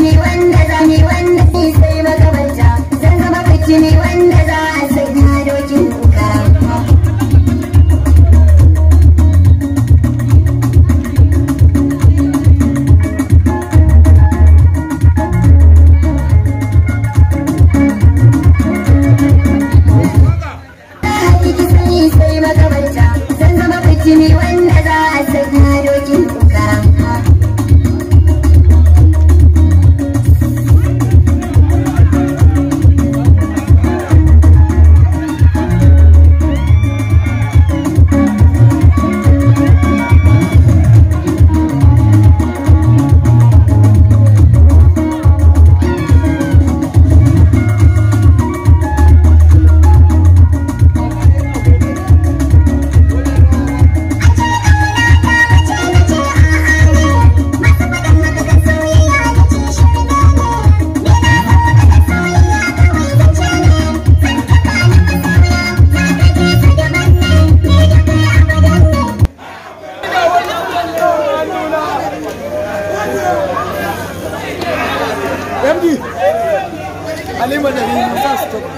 you halima da ni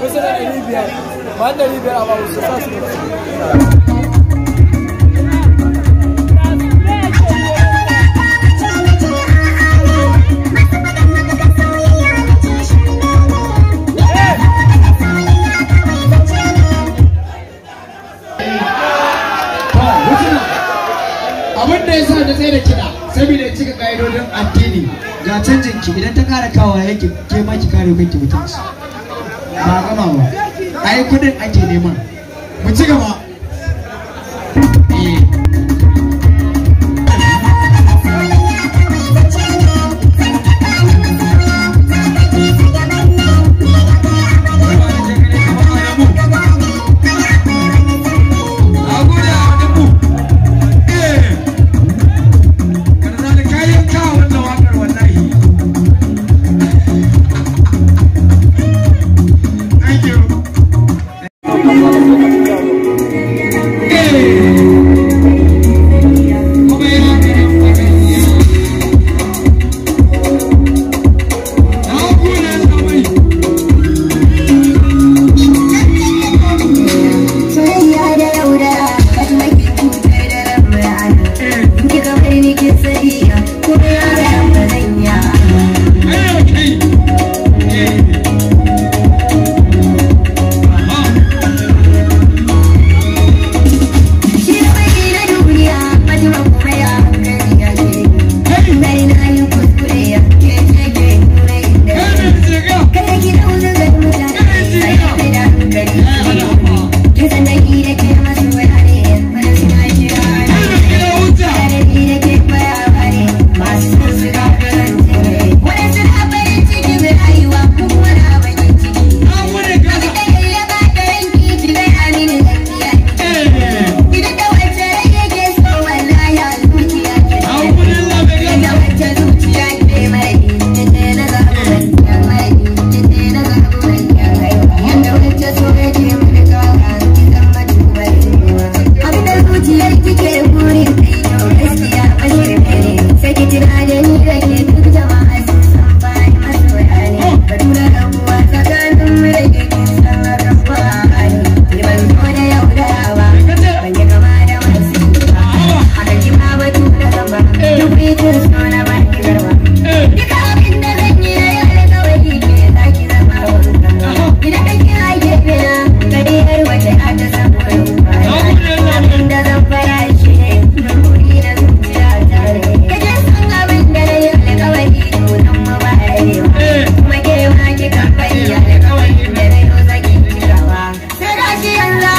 kusa da ɗari biyar ba ɗari biyar a ba abin da ya sa na tsaye da kiɗa saboda cika ƙa'idodin addini ga canjin ki idan ta kara kawo yake ke ma ki kare kanki mutunci ba gama ba ai kudin ake nema mu ci gaba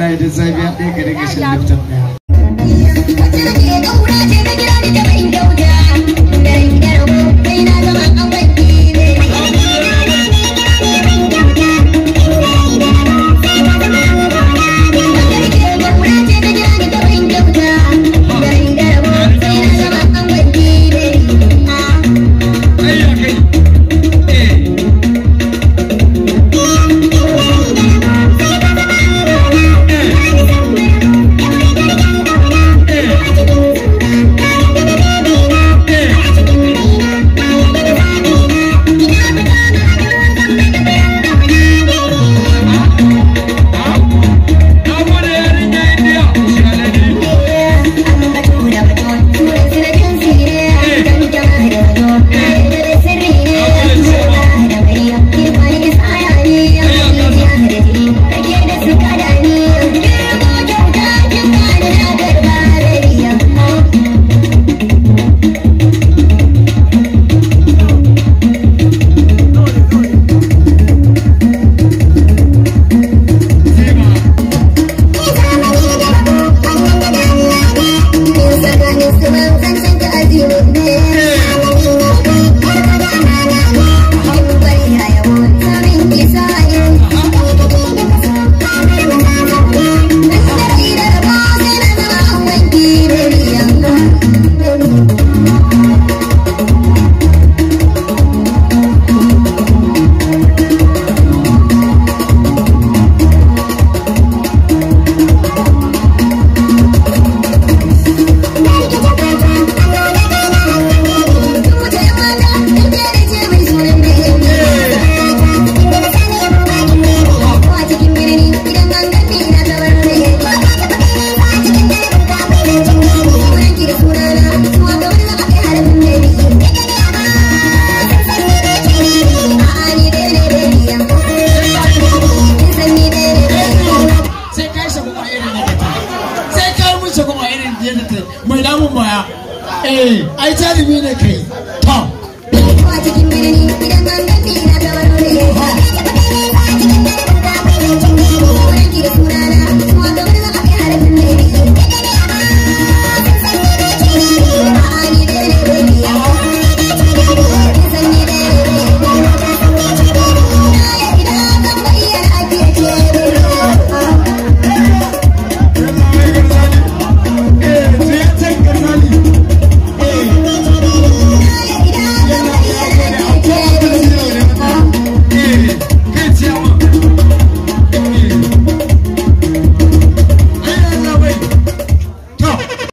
Alhamdulillah, it is a great day.